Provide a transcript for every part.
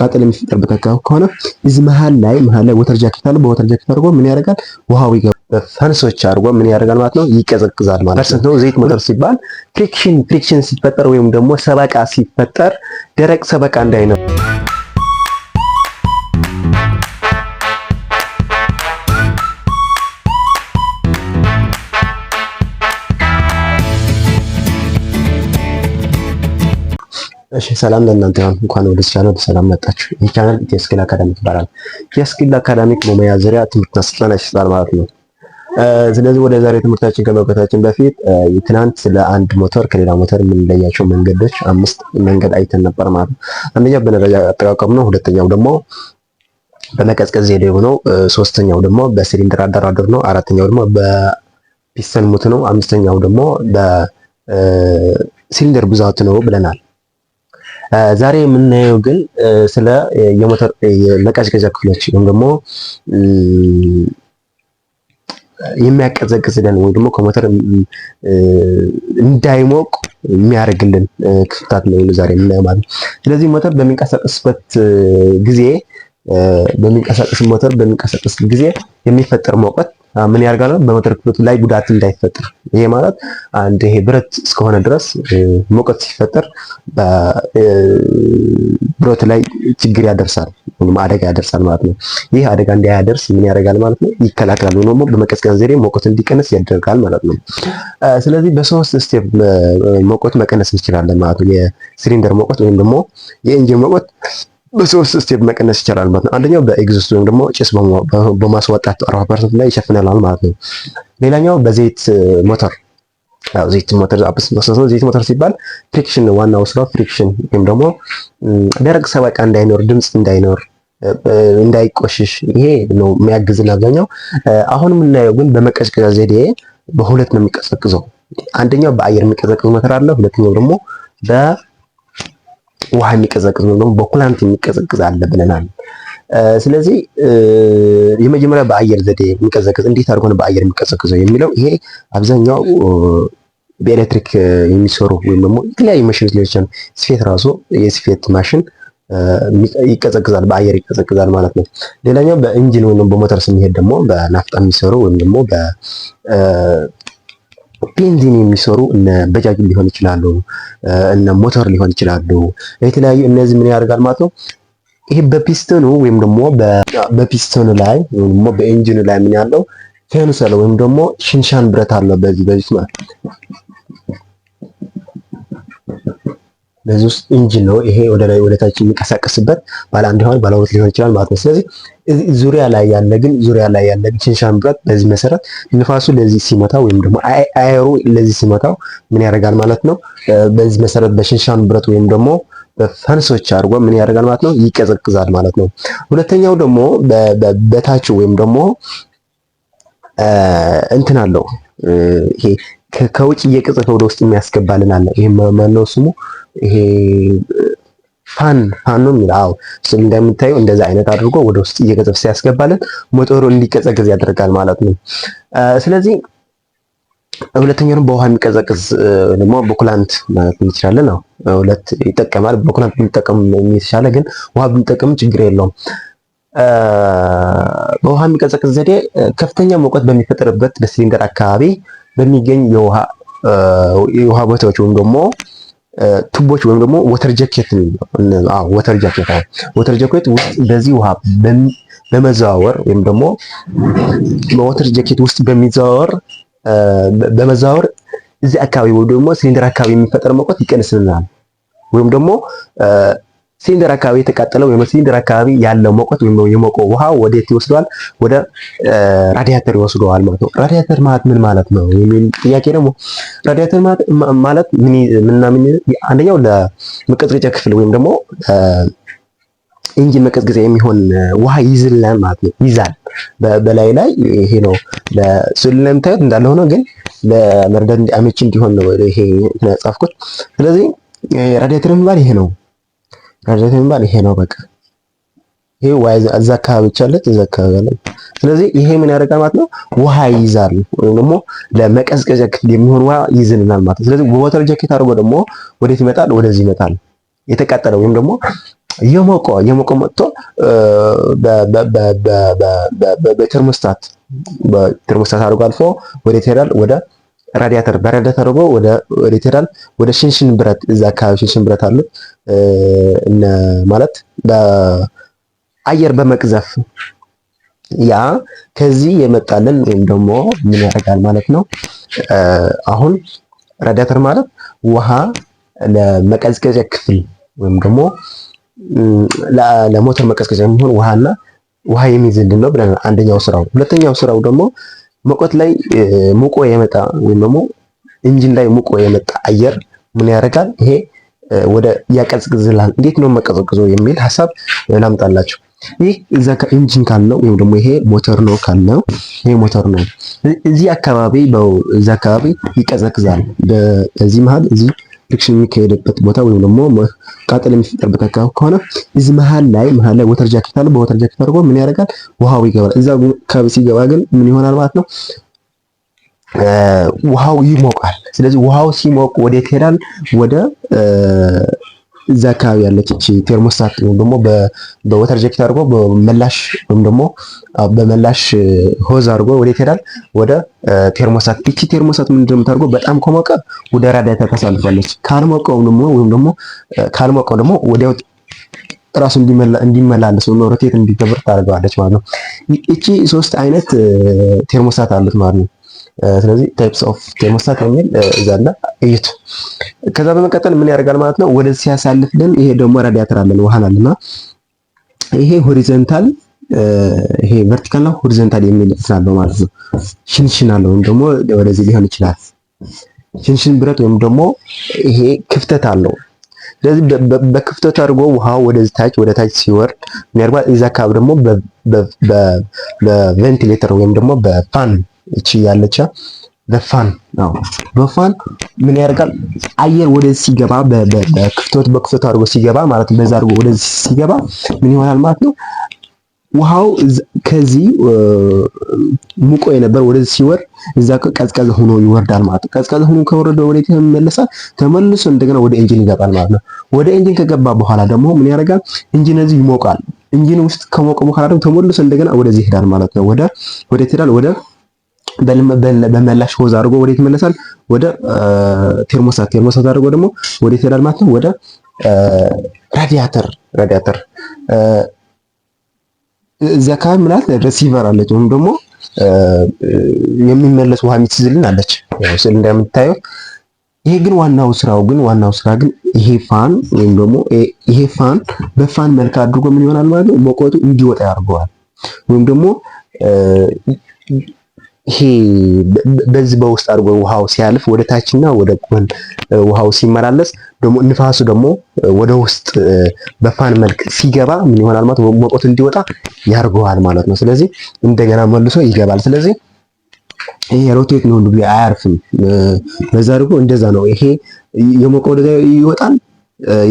ቃጠል የሚፈጠር በካካው ከሆነ እዚህ መሀል ላይ መሀል ላይ ወተር ጃኬት አለ። በወተር ጃኬት አድርጎ ምን ያደርጋል? ውሃው ይገባል። በፈንሶች አድርጎ ምን ያደርጋል ማለት ነው? ይቀዘቅዛል ማለት ነው። ነው። ዘይት ሞተር ሲባል ፍሪክሽን ፍሪክሽን ሲፈጠር ወይም ደግሞ ሰበቃ ሲፈጠር ደረቅ ሰበቃ እንዳይነው እሺ ሰላም ለእናንተ ይሁን። እንኳን ወደ ቻናል ሰላም መጣችሁ። ይህ ቻናል ኢትዮ ስኪል ይባላል። ኢትዮ ስኪል በሙያ ዙሪያ ትምህርትና ስልጠና ይሰጣል ማለት ነው። ስለዚህ ወደ ዛሬ ትምህርታችን ከመግባታችን በፊት ትናንት ስለ አንድ ሞተር ከሌላ ሞተር የምንለያቸው መንገዶች አምስት መንገድ አይተን ነበር ማለት ነው። አንደኛው በነዳጅ አጠቃቀም ነው። ሁለተኛው ደግሞ በመቀዝቀዝ ዘዴ ነው። ሶስተኛው ደግሞ በሲሊንደር አደራደር ነው። አራተኛው ደግሞ በፒስተን ሙት ነው። አምስተኛው ደግሞ በሲሊንደር ብዛት ነው ብለናል። ዛሬ የምናየው ግን ስለ የሞተር መቀዝቀዣ ክፍሎች ወይም ደግሞ የሚያቀዘቅዝልን ወይም ደግሞ ከሞተር እንዳይሞቅ የሚያደርግልን ክፍታት ነው ዛሬ የምናየው ማለት ነው። ስለዚህ ሞተር በሚንቀሳቀስበት ጊዜ በሚንቀሳቀስ ሞተር በሚንቀሳቀስ ጊዜ የሚፈጠር ሙቀት ምን ያደርጋል? በሞተር ክፍሎቱ ላይ ጉዳት እንዳይፈጠር። ይሄ ማለት አንድ ይሄ ብረት እስከሆነ ድረስ ሙቀት ሲፈጠር ብረት ላይ ችግር ያደርሳል ወይም አደጋ ያደርሳል ማለት ነው። ይህ አደጋ እንዳያደርስ ምን ያደርጋል ማለት ነው? ይከላከላል። ወይም ደግሞ በመቀዝቀዝ ዘዴ ሙቀት እንዲቀንስ ያደርጋል ማለት ነው። ስለዚህ በሶስት ስቴፕ ሙቀት መቀነስ እንችላለን ማለት ነው። የሲሊንደር ሙቀት ወይም ደግሞ የኢንጂን ሙቀት በሶስት ስቴፕ መቀነስ ይቻላል ማለት ነው። አንደኛው በኤግዚስት ወይም ደግሞ ጭስ በማስወጣት 40% ላይ ይሸፍናል ማለት ነው። ሌላኛው በዘይት ሞተር ዘይት ሞተር አብስ ነው። ዘይት ሞተር ሲባል ፍሪክሽን ዋናው ስራው ፍሪክሽን ወይም ደግሞ ደረቅ ሰበቃ እንዳይኖር፣ ድምፅ እንዳይኖር፣ እንዳይቆሽሽ ይሄ ነው የሚያግዝን አብዛኛው። አሁን የምናየው ግን በመቀዝቀዣ ዘዴ በሁለት ነው የሚቀዘቅዘው። አንደኛው በአየር የሚቀዘቅዘው ሞተር አለ። ሁለተኛው ደግሞ በ ውሃ የሚቀዘቅዝ ወይም ደግሞ በኩላንት የሚቀዘቅዝ አለ ብለናል። ስለዚህ የመጀመሪያ በአየር ዘዴ የሚቀዘቅዝ እንዴት አድርጎ ነው በአየር የሚቀዘቅዘው የሚለው ይሄ አብዛኛው በኤሌክትሪክ የሚሰሩ ወይም ደግሞ የተለያዩ ማሽኖች ሊሆን ይችላል። ስፌት ራሱ የስፌት ማሽን ይቀዘቅዛል፣ በአየር ይቀዘቅዛል ማለት ነው። ሌላኛው በኢንጂን ወይም በሞተር ስንሄድ ደግሞ በናፍጣ የሚሰሩ ወይም ደግሞ ቤንዚን የሚሰሩ እነ በጃጅ ሊሆን ይችላሉ፣ እነ ሞተር ሊሆን ይችላሉ። የተለያዩ እነዚህ ምን ያደርጋል ማለት ነው ይሄ በፒስተኑ ወይም ደግሞ በፒስተኑ ላይ ወይም ደግሞ በኢንጂኑ ላይ ምን ያለው ቴንሰል ወይም ደግሞ ሽንሻን ብረት አለው። በዚህ በዚህ ማለት በዚህ ውስጥ ኢንጂን ነው። ይሄ ወደ ላይ ወደ ታች የሚንቀሳቀስበት ባለ አንድ ሆን ባለ ሁለት ሊሆን ይችላል ማለት ነው። ስለዚህ ዙሪያ ላይ ያለ ግን ዙሪያ ላይ ያለ ሽንሻን ብረት በዚህ መሰረት ንፋሱ ለዚህ ሲመታው ወይም ደግሞ አየሩ ለዚህ ሲመታው ምን ያደርጋል ማለት ነው። በዚህ መሰረት በሽንሻን ብረት ወይም ደግሞ በፈንሶች አድርጎ ምን ያደርጋል ማለት ነው፣ ይቀዘቅዛል ማለት ነው። ሁለተኛው ደግሞ በታች ወይም ደግሞ እንትን አለው ይሄ ከውጭ እየቅጽፈ ወደ ውስጥ የሚያስገባልን አለ። ይሄ ማነው ስሙ? ይሄ ፋን ፋን ነው የሚለው። አዎ ስም እንደምታየው እንደዛ አይነት አድርጎ ወደ ውስጥ እየቀዘፍ ሲያስገባልን ሞተሩ እንዲቀዘቅዝ ያደርጋል ማለት ነው። ስለዚህ ሁለተኛው በውሃ የሚቀዘቅዝ ደግሞ በኩላንት ማለት እንችላለን። ነው ሁለት ይጠቀማል። በኩላንት ብንጠቀም የሚሻለ ግን ውሃ ብንጠቀም ችግር የለውም። በውሃ የሚቀዘቅዝ ዘዴ ከፍተኛ ሙቀት በሚፈጠርበት በሲሊንደር አካባቢ በሚገኝ የውሃ ቦታዎች ወይም ደግሞ ቱቦች ወይም ደግሞ ወተር ጃኬት ወተር ጃኬት ወተር ጃኬት ውስጥ በዚህ ውሃ በመዘዋወር ወይም ደግሞ በወተር ጃኬት ውስጥ በሚዘዋወር በመዘዋወር እዚህ አካባቢ ወይም ደግሞ ሲሊንደር አካባቢ የሚፈጠር መቆት ይቀንስልናል ወይም ደግሞ ሲሊንደር አካባቢ የተቃጠለው ወይም ሲሊንደር አካባቢ ያለው ሙቀት ወይም የሞቀው ውሃ ወዴት ይወስደዋል? ወደ ራዲያተር ይወስደዋል ማለት ነው። ራዲያተር ማለት ምን ማለት ነው የሚል ጥያቄ ደግሞ ራዲያተር ማለት ምን ምንና ምን አንደኛው ለመቀዝቀዣ ክፍል ወይም ደግሞ ኢንጂን መቀዝቀዣ የሚሆን ውሃ ይዝልናል ማለት ነው። ይዛል በላይ ላይ ይሄ ነው ስሉ ላይ የምታዩት እንዳለ ሆኖ ግን ለመረዳት አመቺ እንዲሆን ነው ይሄ ጻፍኩት። ስለዚህ ራዲያተር የሚባል ይሄ ነው። ጋርዘት የሚባል ይሄ ነው። በቃ ይሄ ዋይ እዛ አካባቢ ብቻ አለ፣ እዛ አካባቢ አለ። ስለዚህ ይሄ ምን ያደርጋል ማለት ነው? ውሃ ይይዛል ወይም ደግሞ ለመቀዝቀዣ ክፍል የሚሆን ውሃ ይዝልናል ማለት ነው። ስለዚህ ወተር ጃኬት አድርጎ ደግሞ ወዴት ይመጣል? ወደዚህ ይመጣል። የተቃጠለ ወይም ደግሞ የሞቀ የሞቀ መጥቶ በተርሞስታት በተርሞስታት አድርጎ አልፎ ወዴት ይሄዳል? ወደ ራዲያተር በራዲያተር ደግሞ ወደ ይሄዳል ወደ ሽንሽን ብረት እዛ አካባቢ ሽንሽን ብረት አሉ እነ ማለት በአየር በመቅዘፍ ያ ከዚህ የመጣልን ወይም ደግሞ ምን ያደርጋል ማለት ነው። አሁን ራዲያተር ማለት ውሃ ለመቀዝቀዣ ክፍል ወይም ደግሞ ለሞተር መቀዝቀዣ የሚሆን ውሃና ውሃ የሚይዝልን ነው ብለናል። አንደኛው ስራው። ሁለተኛው ስራው ደግሞ ሙቀት ላይ ሙቆ የመጣ ወይም ደግሞ ኢንጂን ላይ ሙቆ የመጣ አየር ምን ያደርጋል? ይሄ ወደ ያቀዝቅዝላል። እንዴት ነው መቀዘቅዘው የሚል ሀሳብ ላምጣላችሁ። ይህ እዛ ከኢንጂን ካልነው ወይም ደግሞ ይሄ ሞተር ነው ካልነው ይሄ ሞተር ነው። እዚህ አካባቢ በው እዛ አካባቢ ይቀዘቅዛል። በዚህ መሃል እዚህ ፍሪክሽን የሚካሄድበት ቦታ ወይም ደግሞ ቃጠል የሚፈጠርበት አካባቢ ከሆነ እዚ መሀል ላይ መሀል ላይ ወተር ጃኬት አለ። በወተር ጃኬት አድርጎ ምን ያደርጋል? ውሃው ይገባል። እዛ ከብ ሲገባ ግን ምን ይሆናል ማለት ነው? ውሃው ይሞቃል። ስለዚህ ውሃው ሲሞቅ ወደ ይሄዳል ወደ እዛ አካባቢ ያለች እቺ ቴርሞስታት ወይም ደግሞ በወተር ጀኬት አድርጎ በመላሽ ወይም ደግሞ በመላሽ ሆዝ አድርጎ ወዴት ይሄዳል? ወደ ቴርሞስታት። እቺ ቴርሞስታት ምንድነው የምታደርገው? በጣም ከሞቀ ወደ ራዳታ ታሳልፋለች። ካልሞቀው ደግሞ ወይም ደግሞ ካልሞቀው ደግሞ ወዲያው ራሱ እንዲመላለስ ወይም ሮቴት እንዲገብር ታደርገዋለች ማለት ነው። እቺ ሶስት አይነት ቴርሞስታት አሉት ማለት ነው። ስለዚህ ታይፕስ ኦፍ ቴሞስታት የሚል እዛ አለ እዩት። ከዛ በመቀጠል ምን ያደርጋል ማለት ነው ወደ ሲያሳልፍልን ይሄ ደግሞ ራዲያተር አለን ውሃናል እና ይሄ ሆሪዘንታል ይሄ ቨርቲካል ነው ሆሪዞንታል የሚል እንትን ማለት ነው። ሽንሽን አለው ወይም ደግሞ ወደዚህ ሊሆን ይችላል ሽንሽን ብረት ወይም ደግሞ ይሄ ክፍተት አለው። ስለዚህ በክፍተቱ አድርጎ ውሃው ወደዚህ ታች ወደ ታች ሲወርድ ምን ያደርጋል? እዛ አካባቢ ደግሞ በቬንቲሌተር ወይም ደግሞ በፋን እቺ ያለቻ በፋን ነው። በፋን ምን ያደርጋል? አየር ወደዚህ ሲገባ በክፍተት በክፍተት አድርጎ ሲገባ ማለት በዛ አድርጎ ወደዚህ ሲገባ ምን ይሆናል ማለት ነው። ውሃው ከዚህ ሙቆ የነበር ወደዚህ ሲወር እዛ ቀዝቀዝ ሆኖ ይወርዳል ማለት ነው። ቀዝቀዝ ሆኖ ከወረደ ወደ ይመለሳል፣ ተመልሶ እንደገና ወደ ኢንጂን ይገባል ማለት ነው። ወደ ኢንጂን ከገባ በኋላ ደግሞ ምን ያደርጋል? ኢንጂን እዚህ ይሞቃል። ኢንጂን ውስጥ ከሞቀ በኋላ ደግሞ ተመልሶ እንደገና ወደዚህ ይሄዳል ማለት ነው። ወደ ወደ ይሄዳል ወደ በመላሽ ሆዝ አድርጎ ወዴት ይመለሳል? ወደ ቴርሞስታት። ቴርሞስታት አድርጎ ደግሞ ወዴት ይሄዳል ማለት ነው? ወደ ራዲያተር ራዲያተር እዚህ አካባቢ ምን ሪሲቨር አለች ወይም ደግሞ የሚመለስ ውሃ የሚትዝልን አለች ስል እንደምታየው ይሄ ግን ዋናው ስራው ግን ዋናው ስራ ግን ይሄ ፋን ወይም ደግሞ ይሄ ፋን በፋን መልክ አድርጎ ምን ይሆናል ማለት ነው ሙቀቱ እንዲወጣ ያደርገዋል ወይም ደግሞ ይሄ በዚህ በውስጥ አድርጎ ውሃው ሲያልፍ ወደ ታችና ወደ ጎን ውሃው ሲመላለስ ደግሞ ንፋሱ ደግሞ ወደ ውስጥ በፋን መልክ ሲገባ ምን ይሆናል ማለት ነው? ሞቆት እንዲወጣ ያርገዋል ማለት ነው። ስለዚህ እንደገና መልሶ ይገባል። ስለዚህ ይሄ ሮቴት ነው እንግዲህ አያርፍም። በዛ አድርጎ እንደዛ ነው። ይሄ የሞቀ ወደዛ ይወጣል፣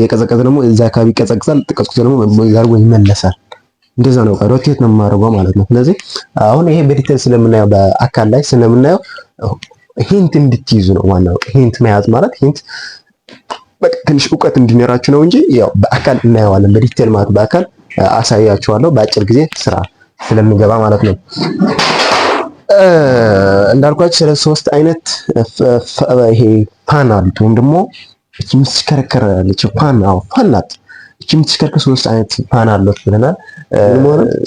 የቀዘቀዘ ደግሞ እዛ አካባቢ ይቀዘቅዛል፣ ቀዝቅዞ ደግሞ ዛርጎ ይመለሳል። እንደዛ ነው ሮቴት ነው የማደርገው ማለት ነው። ስለዚህ አሁን ይሄ በዲቴል ስለምናየው በአካል ላይ ስለምናየው ሂንት እንድትይዙ ነው ዋናው። ሂንት መያዝ ማለት ሂንት በቃ ትንሽ እውቀት እንዲኖራችሁ ነው እንጂ ያው በአካል እናየዋለን በዲቴል ማለት በአካል አሳያችኋለሁ በአጭር ጊዜ ስራ ስለሚገባ ማለት ነው። እንዳልኳችሁ ስለ ሶስት አይነት ይሄ ፓን አሉት ወይም ደግሞ የምትሽከረከር ፋን ናት። የምትሽከረከር ሶስት አይነት ፓን አሉት ብለናል።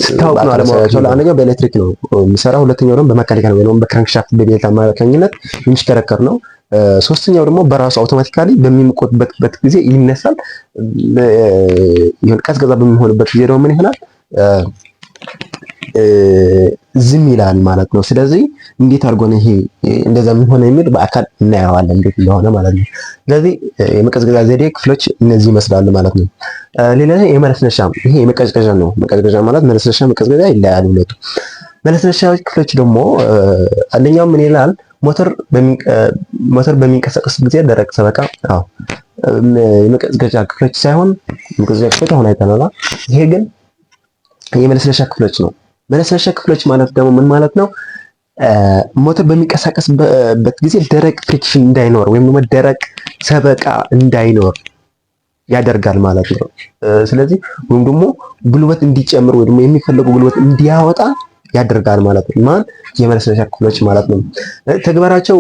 ስታውቅ ነው አለማወቅ ሰው። አንደኛው በኤሌክትሪክ ነው የሚሰራ፣ ሁለተኛው ደግሞ በመካኒካ ነው ወይም በክራንክሻፍት በቤት አማካኝነት የሚሽከረከር ነው። ሶስተኛው ደግሞ በራሱ አውቶማቲካሊ በሚሞቅበት ጊዜ ይነሳል። ቀዝቀዛ በሚሆንበት ጊዜ ደግሞ ምን ይሆናል? ዝም ይላል ማለት ነው። ስለዚህ እንዴት አድርጎ ነው ይሄ እንደዛ ሆነ የሚል በአካል እናየዋለን እንዴት እንደሆነ ማለት ነው። ስለዚህ የመቀዝቀዣ ዘዴ ክፍሎች እነዚህ ይመስላሉ ማለት ነው። ሌላ የመለስለሻ ይሄ የመቀዝቀዣ ነው። መቀዝቀዣ ማለት መለስለሻ፣ መቀዝቀዣ ይለያሉ ሁለቱ። መለስለሻ ክፍሎች ደግሞ አንደኛው ምን ይላል? ሞተር በሚንቀሳቀስ ጊዜ ደረቅ ሰበቃ። አዎ የመቀዝቀዣ ክፍሎች ሳይሆን መቀዝቀዣ ክፍሎች አሁን አይተናል። ይሄ ግን የመለስለሻ ክፍሎች ነው። መነስነሻ ክፍሎች ማለት ደግሞ ምን ማለት ነው? ሞተር በሚንቀሳቀስበት ጊዜ ደረቅ ፍሪክሽን እንዳይኖር ወይም ደግሞ ደረቅ ሰበቃ እንዳይኖር ያደርጋል ማለት ነው። ስለዚህ ወይም ደግሞ ጉልበት እንዲጨምር ወይም የሚፈለጉ ጉልበት እንዲያወጣ ያደርጋል ማለት ነው። ማን የመነስነሻ ክፍሎች ማለት ነው። ተግባራቸው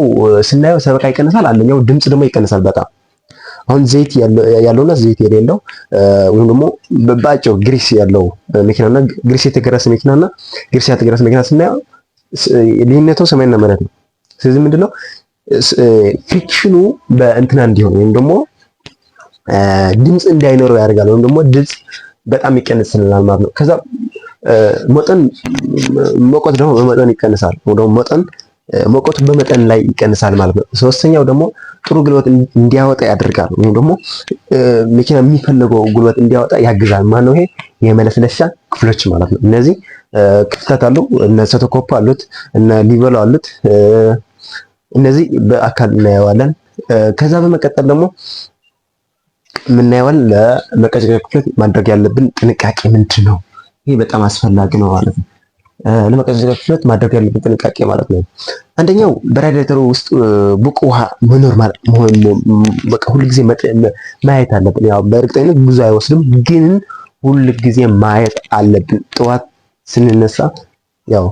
ስናየው ሰበቃ ይቀንሳል። አንደኛው ድምፅ ደግሞ ይቀንሳል በጣም አሁን ዘይት ያለውና ዘይት የሌለው ወይም ደግሞ በአጭሩ ግሪስ ያለው መኪናና ግሪስ የተገረሰ መኪናና ግሪስ ያልተገረሰ መኪና ስናየው ልዩነቱ ሰማይና መሬት ነው። ስለዚህ ምንድነው ፍሪክሽኑ በእንትና እንዲሆን ወይም ደግሞ ድምፅ እንዳይኖረው ያደርጋል ወይም ደግሞ ድምፅ በጣም ይቀንስልናል ማለት ነው። ከዛ መጠን መቆት ደግሞ በመጠን ይቀንሳል ወይም ደግሞ መጠን ሙቀቱ በመጠን ላይ ይቀንሳል ማለት ነው። ሶስተኛው ደግሞ ጥሩ ጉልበት እንዲያወጣ ያደርጋል ወይም ደግሞ መኪና የሚፈለገው ጉልበት እንዲያወጣ ያግዛል። ማነው ይሄ? የመለስለሻ ክፍሎች ማለት ነው። እነዚህ ክፍተት አሉ። እነ ሰተኮፕ አሉት፣ እነ ሊቨሎ አሉት። እነዚህ በአካል እናየዋለን። ከዛ በመቀጠል ደግሞ የምናየዋል ለመቀዝቀዣ ክፍሎች ማድረግ ያለብን ጥንቃቄ ምንድን ነው? ይህ በጣም አስፈላጊ ነው ማለት ነው። ለመቀዝቀዝ ፍጥነት ማድረግ ያለብን ጥንቃቄ ማለት ነው። አንደኛው በራዲያተሩ ውስጥ ቡቅ ውሃ መኖር ማለት መሆን በቃ ሁልጊዜ ማየት አለብን። ያው በእርግጠኝነት ብዙ አይወስድም፣ ግን ሁልጊዜ ማየት አለብን። ጠዋት ስንነሳ ያው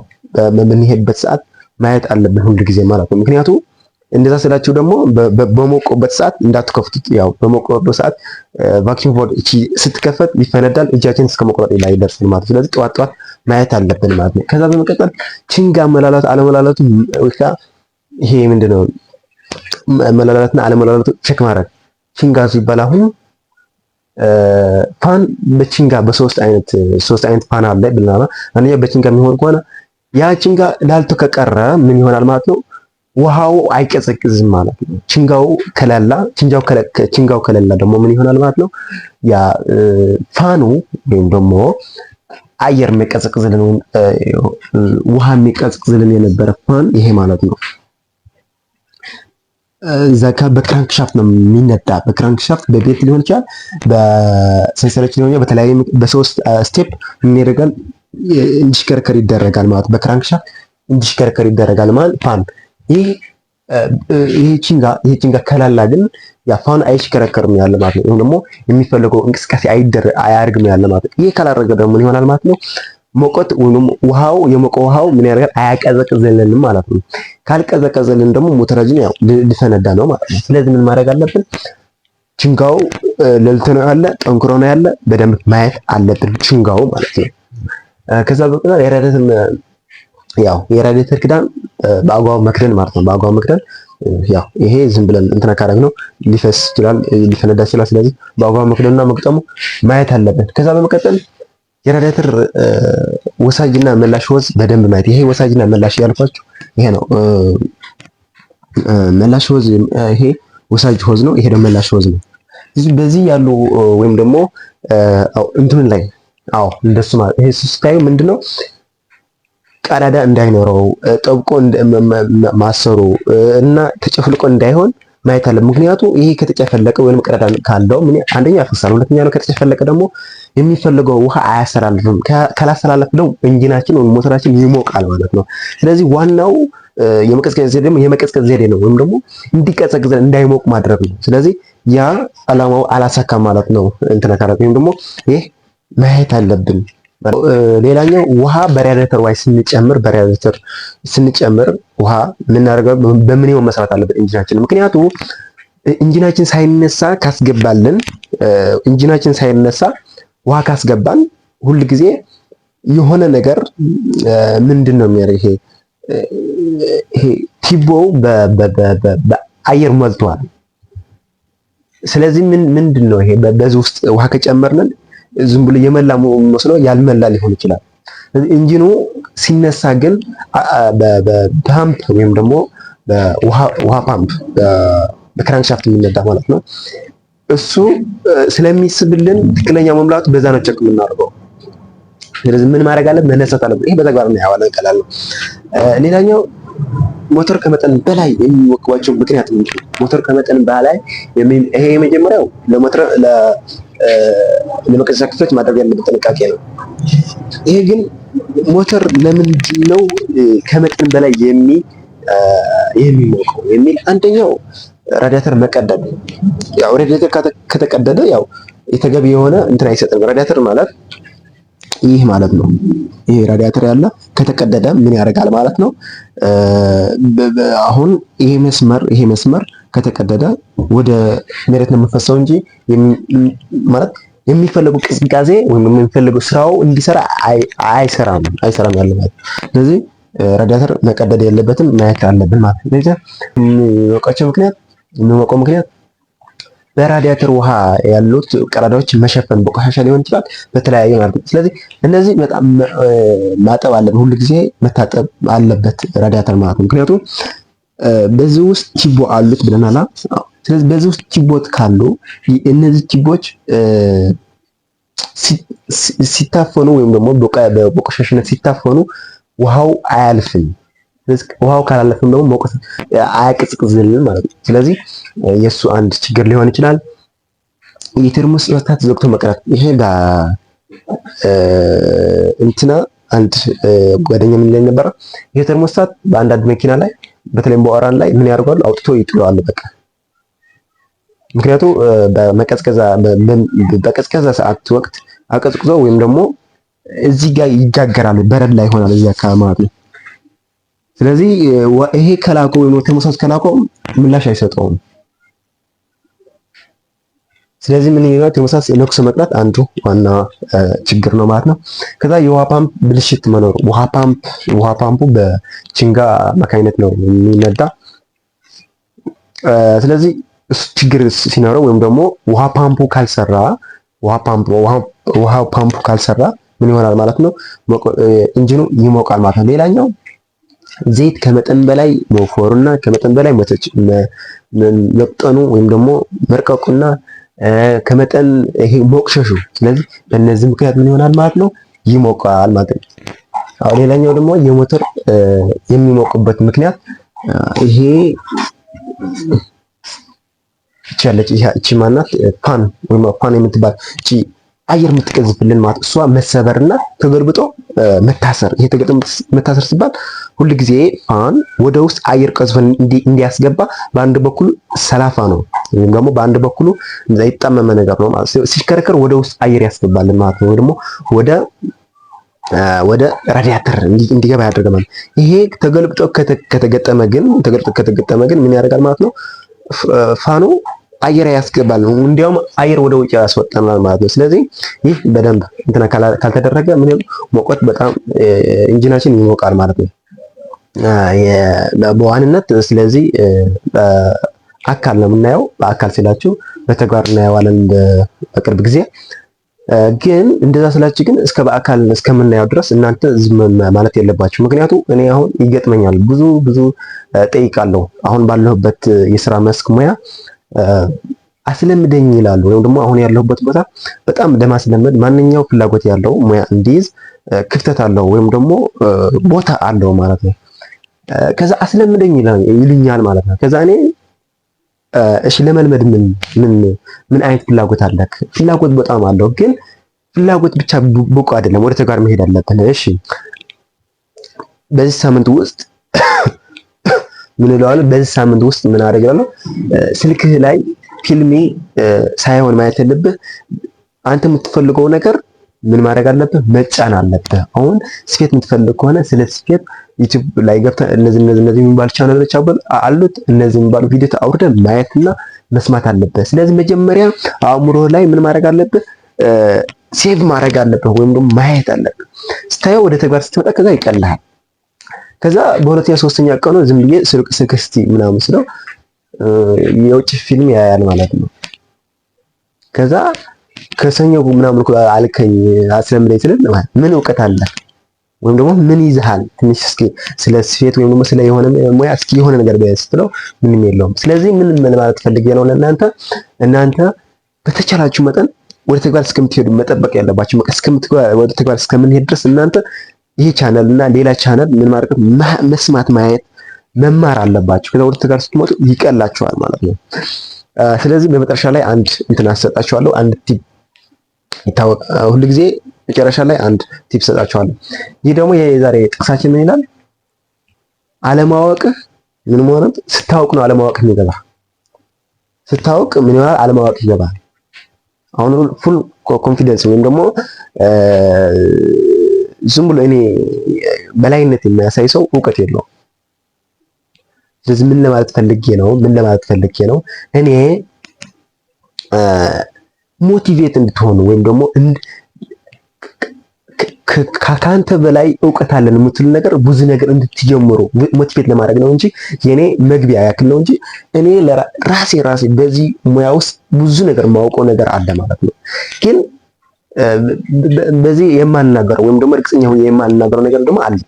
በምንሄድበት ሰዓት ማየት አለብን ሁልጊዜ ማለት ነው ምክንያቱም እንደዛ ስላችሁ ደግሞ በሞቆበት ሰዓት እንዳትከፍቱት። ያው በሞቆበት ሰዓት ቫክሲን ቦርድ እቺ ስትከፈት ይፈነዳል፣ እጃችን እስከ መቆረጥ ላይ ይደርሳል ማለት። ስለዚህ ጠዋት ጠዋት ማየት አለብን ማለት ነው። ከዛ በመቀጠል ቺንጋ መላላት አለመላላቱ ወይካ ይሄ ምንድነው መላላትና አለመላላቱ ቼክ ማድረግ ቺንጋ ሲባል አሁን ፓን በቺንጋ በሶስት አይነት ሶስት አይነት ፓን አለ ብለናል። አንደኛ በቺንጋ የሚሆን ከሆነ ያ ቺንጋ ላልቶ ከቀረ ምን ይሆናል ማለት ነው ውሃው አይቀዘቅዝም ማለት ነው። ችንጋው ከላላ ችንጋው ከላላ ደግሞ ምን ይሆናል ማለት ነው? ያ ፋኑ ወይም ደግሞ አየር የሚቀዘቅዝልን ውሃ የሚቀዘቅዝልን የነበረ ፋን ይሄ ማለት ነው። እዛ በክራንክ ሻፍት ነው የሚነዳ። በክራንክ ሻፍት በቤት ሊሆን ይችላል፣ በሰንሰለች ሊሆን ይችላል። በተለያየ በሶስት ስቴፕ ምን ይደረጋል? እንዲሽከረከር ይደረጋል ማለት በክራንክ ሻፍት እንዲሽከረከር ይደረጋል ማለት ፋን ይህ ይህ ቺንጋ ከላላ ግን ያፋን አይሽከረከርም ያለ ማለት ነው። ደግሞ የሚፈለገው እንቅስቃሴ አያደርግም ያለ ማለት ነው። ይህ ካላረገ ደግሞ ምን ይሆናል ማለት ነው? ሙቀት ወይም ውሃው የሞቀ ውሃው ምን ያደርጋል? አያቀዘቅዘልንም ማለት ነው። ካልቀዘቀዘልን ደግሞ ሞተራችን ያው ሊፈነዳ ነው ማለት ነው። ስለዚህ ምን ማድረግ አለብን? ችንጋው ለልት ነው ያለ ጠንክሮ ነው ያለ በደንብ ማየት አለብን፣ ችንጋው ማለት ነው። ከዛ በቀር የረዳትን ያው የራዲየተር ክዳን በአግባቡ መክደን ማለት ነው። በአግባቡ መክደን ያው ይሄ ዝም ብለን እንትና ካረግ ነው ሊፈስ ይችላል፣ ሊፈነዳ ይችላል። ስለዚህ በአግባቡ መክደንና መቅጠሙ ማየት አለብን። ከዛ በመቀጠል የረዲየተር ወሳጅና መላሽ ወዝ በደንብ ማየት። ይሄ ወሳጅና መላሽ ያልኳችሁ ይሄ ነው። መላሽ ወዝ ይሄ ወሳጅ ወዝ ነው። ይሄ ደግሞ መላሽ ወዝ ነው። በዚህ ያሉ ወይም ደግሞ እንትን ላይ አዎ እንደሱ ማለት ይሄ ስታዩ ምንድነው ቀዳዳ እንዳይኖረው ጠብቆ ማሰሩ እና ተጨፍልቆ እንዳይሆን ማየት አለ። ምክንያቱ ይሄ ከተጨፈለቀ ወይም ቀዳዳ ካለው ምን አንደኛ ያፈሳል፣ ሁለተኛ ነው ከተጨፈለቀ ደግሞ የሚፈልገው ውሃ አያስተላልፍም። ካላስተላለፍ ነው እንጂናችን ወይም ሞተራችን ይሞቃል ማለት ነው። ስለዚህ ዋናው የመቀዝቀዝ ዘዴ ደግሞ የመቀዝቀዝ ዘዴ ነው፣ ወይም ደግሞ እንዲቀዘቅዝ እንዳይሞቅ ማድረግ ነው። ስለዚህ ያ አላማው አላሳካ ማለት ነው። እንትን ወይም ደግሞ ይህ ማየት አለብን። ሌላኛው ውሃ በሪያሬተር ዋይ ስንጨምር በሪያሬተር ስንጨምር ውሃ የምናደርገው ይሆን መስራት አለበት ኢንጂናችን። ምክንያቱ ኢንጂናችን ሳይነሳ ካስገባልን ኢንጂናችን ሳይነሳ ውሃ ካስገባን ሁል ጊዜ የሆነ ነገር ምንድን ነው የሚያደርግ ይሄ ይሄ ቲቦው በአየር ሞልቷል። ስለዚህ ምን ምንድን ነው ይሄ በዚህ ውስጥ ውሃ ከጨመርንን ዝም ብሎ የመላ መስሎ ያልመላ ሊሆን ይችላል። ኢንጂኑ ሲነሳ ግን በፓምፕ ወይም ደግሞ በውሃ ፓምፕ በክራንክሻፍት የሚነዳ ማለት ነው። እሱ ስለሚስብልን ትክክለኛ መምላቱ በዛ ነው ቸክ የምናደርገው። ስለዚህ ምን ማድረግ አለ መነሳት አለ። ይሄ በተግባር ነው ያዋለ ቀላል ነው። ሌላኛው ሞተር ከመጠን በላይ የሚወክባቸው ምክንያት ምንድን ነው? ሞተር ከመጠን በላይ ይሄ የመጀመሪያው ለሞተር ለመንቀሳቀሶች ማድረግ ያለበት ጥንቃቄ ነው። ይሄ ግን ሞተር ለምንድን ነው ከመጠን በላይ የሚ የሚሞቀው የሚል አንደኛው ራዲያተር መቀደድ ያው ራዲያተር ከተቀደደ ያው የተገቢ የሆነ እንትን አይሰጥም። ራዲያተር ማለት ይህ ማለት ነው። ይሄ ራዲያተር ያለ ከተቀደደ ምን ያደርጋል ማለት ነው። አሁን ይሄ መስመር ይሄ መስመር ከተቀደደ ወደ መሬት ነው የምፈሰው እንጂ ማለት የሚፈልጉ ቅዝቃዜ ወይም የሚፈልጉ ስራው እንዲሰራ አይሰራም አይሰራም ያለ ማለት ስለዚህ ራዲያተር መቀደድ የለበትም ማየት አለብን ማለት ነው። ለዚህ ምክንያት የሚሞቀው ምክንያት በራዲያተር ውሃ ያሉት ቀዳዳዎች መሸፈን በቆሻሻ ሊሆን ይችላል፣ በተለያዩ ማለት ነው። ስለዚህ እነዚህ በጣም ማጠብ አለበት፣ ሁሉ ጊዜ መታጠብ አለበት ራዲያተር ማለት ነው። ምክንያቱም በዚህ ውስጥ ችቦ አሉት ብለናላ። ስለዚህ በዚህ ውስጥ ችቦት ካሉ እነዚህ ችቦች ሲታፈኑ ወይም ደግሞ በቆሻሻነት ሲታፈኑ ውሃው አያልፍም። ሪዝቅ ውሃው ካላለፈም ደግሞ መውቀስ አያቅዝቅዝልን ማለት ነው። ስለዚህ የእሱ አንድ ችግር ሊሆን ይችላል። የቴርሙስ መፍታት ዘግቶ መቅረት ይሄ ጋር እንትና አንድ ጓደኛ ምን ላይ ነበረ የቴርሞስታት በአንዳንድ መኪና ላይ በተለይም በኦራን ላይ ምን ያደርጋሉ? አውጥቶ ይጥለዋል። በቃ ምክንያቱ በቀዝቀዛ ሰዓት ወቅት አቀዝቅዞ ወይም ደግሞ እዚህ ጋር ይጋገራል፣ በረድ ላይ ይሆናል እዚህ አካባቢ ማለት ነው። ስለዚህ ይሄ ከላቆ ወይም ተመሳስ ከላቆ ምላሽ አይሰጠውም። ስለዚህ ምን ይላል? ተመሳስ ነክሶ መቅረት አንዱ ዋና ችግር ነው ማለት ነው። ከዛ የውሃ ፓምፕ ብልሽት መኖር ውሃ ፓምፕ ውሃ ፓምፑ በችንጋ አማካኝነት ነው የሚነዳ። ስለዚህ ችግር ሲኖረው ወይም ደግሞ ውሃ ፓምፑ ካልሰራ ውሃ ፓምፑ ውሃ ፓምፑ ካልሰራ ምን ይሆናል ማለት ነው? ኢንጂኑ ይሞቃል ማለት ነው። ሌላኛው ዘይት ከመጠን በላይ መወፈሩና ከመጠን በላይ መቅጠኑ ወይም ደግሞ መርቀቁና ከመጠን ይሄ ሞቅሸሹ። ስለዚህ በእነዚህ ምክንያት ምን ይሆናል ማለት ነው? ይሞቃል ማለት ነው። አሁን ሌላኛው ደግሞ የሞተር የሚሞቅበት ምክንያት ይሄ ይቻለች ይቺ ማናት ፓን ወይም ፓን የምትባል እቺ አየር የምትቀዝፍልን ማለት እሷ መሰበርና ተገልብጦ መታሰር። ይሄ ተገልብጦ መታሰር ሲባል ጊዜ ፋን ወደ ውስጥ አየር ቀዝፈን እንዲያስገባ በአንድ በኩል ሰላፋ ነው ወይም ደግሞ በአንድ በኩሉ የጠመመ ነገር ነው ማለት ሲሽከረከር ወደ ውስጥ አየር ያስገባል ማለት ነው። ደግሞ ወደ ወደ ራዲያተር እንዲገባ ያደርገማል። ይሄ ተገልብጦ ከተገጠመ ግን ተገልብጦ ከተገጠመ ግን ምን ያደርጋል ማለት ነው ፋኑ አየር ያስገባል። እንዲያውም አየር ወደ ውጭ ያስወጣናል ማለት ነው። ስለዚህ ይህ በደንብ እንትና ካልተደረገ ምንም ሙቀት በጣም ኢንጂናችን ይሞቃል ማለት ነው። በዋንነት ስለዚህ አካል ነው የምናየው። በአካል ስላችሁ በተግባር እናየዋለን በቅርብ ጊዜ። ግን እንደዛ ስላችሁ ግን እስከ በአካል እስከምናየው ድረስ እናንተ ዝም ማለት የለባችሁ። ምክንያቱም እኔ አሁን ይገጥመኛል፣ ብዙ ብዙ ጠይቃለሁ። አሁን ባለሁበት የስራ መስክ ሙያ አስለምደኝ ይላሉ፣ ወይም ደግሞ አሁን ያለሁበት ቦታ በጣም ለማስለመድ ማንኛው ፍላጎት ያለው ሙያ እንዲይዝ ክፍተት አለው ወይም ደግሞ ቦታ አለው ማለት ነው። ከዛ አስለምደኝ ይሉኛል ማለት ነው። ከዛ እኔ እሺ ለመልመድ ምን ምን ምን አይነት ፍላጎት አለክ? ፍላጎት በጣም አለው፣ ግን ፍላጎት ብቻ ብቁ አይደለም። ወደ ተግባር መሄድ አለብን። እሺ በዚህ ሳምንት ውስጥ ምን እለዋለሁ? በዚህ ሳምንት ውስጥ ምን አደርጋለሁ? ስልክህ ላይ ፊልሜ ሳይሆን ማየት ያለብህ አንተ የምትፈልገው ነገር ምን ማድረግ አለብህ? መጫን አለብህ። አሁን ስፌት የምትፈልግ ከሆነ ስለ ስፌት ዩቲዩብ ላይ ገብተህ እነዚህ እነዚህ እነዚህ የሚባሉ ቻናሎች አሉት እነዚህ የሚባሉ ቪዲዮ አውርደህ ማየትና መስማት አለብህ። ስለዚህ መጀመሪያ አእምሮ ላይ ምን ማድረግ አለብህ? ሴቭ ማድረግ አለብህ ወይም ደግሞ ማየት አለብህ። ስታየው ወደ ተግባር ስትመጣ ከዛ ይቀልሃል። ከዛ በሁለተኛ ሶስተኛ ቀኑ ዝም ብዬ ስልክ እስቲ ምናምን ስለው የውጭ ፊልም ያያል ማለት ነው ከዛ ከሰኞ ምናምን አልከኝ አስለምደኝ ስለ ምን እውቀት አለ ወይም ደግሞ ምን ይዝሃል? ትንሽ እስኪ ስለ ስፌት ወይም ደግሞ ስለ የሆነ ሙያ እስኪ የሆነ ነገር ስትለው ምንም የለውም። ስለዚህ ምን ማለት ፈልጌ ነው ለእናንተ እናንተ በተቻላችሁ መጠን ወደ ተግባር እስከምትሄዱ መጠበቅ ያለባችሁ ወደ ተግባር እስከምንሄድ ድረስ እናንተ ይሄ ቻናል እና ሌላ ቻናል ምን ማድረግ መስማት፣ ማየት፣ መማር አለባችሁ። ከዛ ወደ ተግባር ስትመጡ ይቀላችኋል ማለት ነው። ስለዚህ በመጨረሻ ላይ አንድ እንትን አሰጣችኋለሁ አንድ ቲፕ ይታወቅ ሁሉ ጊዜ መጨረሻ ላይ አንድ ቲፕ ሰጣችኋለሁ። ይህ ደግሞ የዛሬ ጥቅሳችን ምን ይላል? አለማወቅህ ምን መሆንም ስታውቅ ነው አለማወቅ የሚገባ ስታውቅ ምን ይሆናል? አለማወቅ ይገባል። አሁን ፉል ኮንፊደንስ ወይም ደግሞ ዝም ብሎ እኔ በላይነት የሚያሳይ ሰው እውቀት የለውም። ስለዚህ ምን ለማለት ፈልጌ ነው? ምን ለማለት ፈልጌ ነው እኔ ሞቲቬት እንድትሆኑ ወይም ደግሞ ከአንተ በላይ እውቀት አለን የምትሉ ነገር ብዙ ነገር እንድትጀምሩ ሞቲቬት ለማድረግ ነው እንጂ የኔ መግቢያ ያክል ነው እንጂ እኔ ራሴ ራሴ በዚህ ሙያ ውስጥ ብዙ ነገር የማውቀው ነገር አለ ማለት ነው። ግን በዚህ የማናገረው ወይም ደግሞ እርግጠኛ የማናገረው ነገር ደግሞ አለ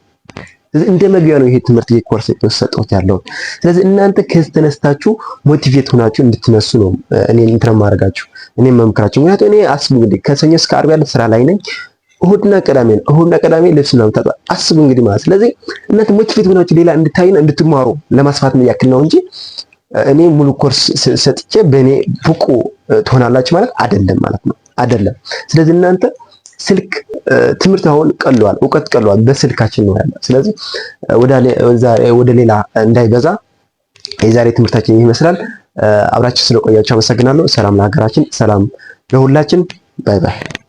ስለዚህ እንደ መግቢያ ነው ይሄ ትምህርት ይሄ ኮርስ የተሰጠሁት ያለው። ስለዚህ እናንተ ከዚህ ተነስታችሁ ሞቲቬት ሆናችሁ እንድትነሱ ነው እኔ እንትን ማድረጋችሁ እኔ መምክራችሁ። ምክንያቱም እኔ አስቡ እንግዲህ ከሰኞ እስከ ዓርብ ያለ ስራ ላይ ነኝ። እሁድና ቅዳሜ ነው እሁድና ቅዳሜ ልብስ ነው ታጣ አስቡ እንግዲህ ማለት ስለዚህ እናንተ ሞቲቬት ሆናችሁ ሌላ እንድታዩና እንድትማሩ ለማስፋት ነው ያክል ነው እንጂ እኔ ሙሉ ኮርስ ሰጥቼ በእኔ ብቁ ትሆናላችሁ ማለት አይደለም ማለት ነው አይደለም። ስለዚህ እናንተ ስልክ ትምህርት አሁን ቀሏል፣ እውቀት ቀሏል፣ በስልካችን ነው ያለ። ስለዚህ ወደ ሌላ እንዳይበዛ የዛሬ ትምህርታችን ይመስላል። አብራችሁ ስለቆያችሁ አመሰግናለሁ። ሰላም ለሀገራችን፣ ሰላም ለሁላችን። ባይ ባይ።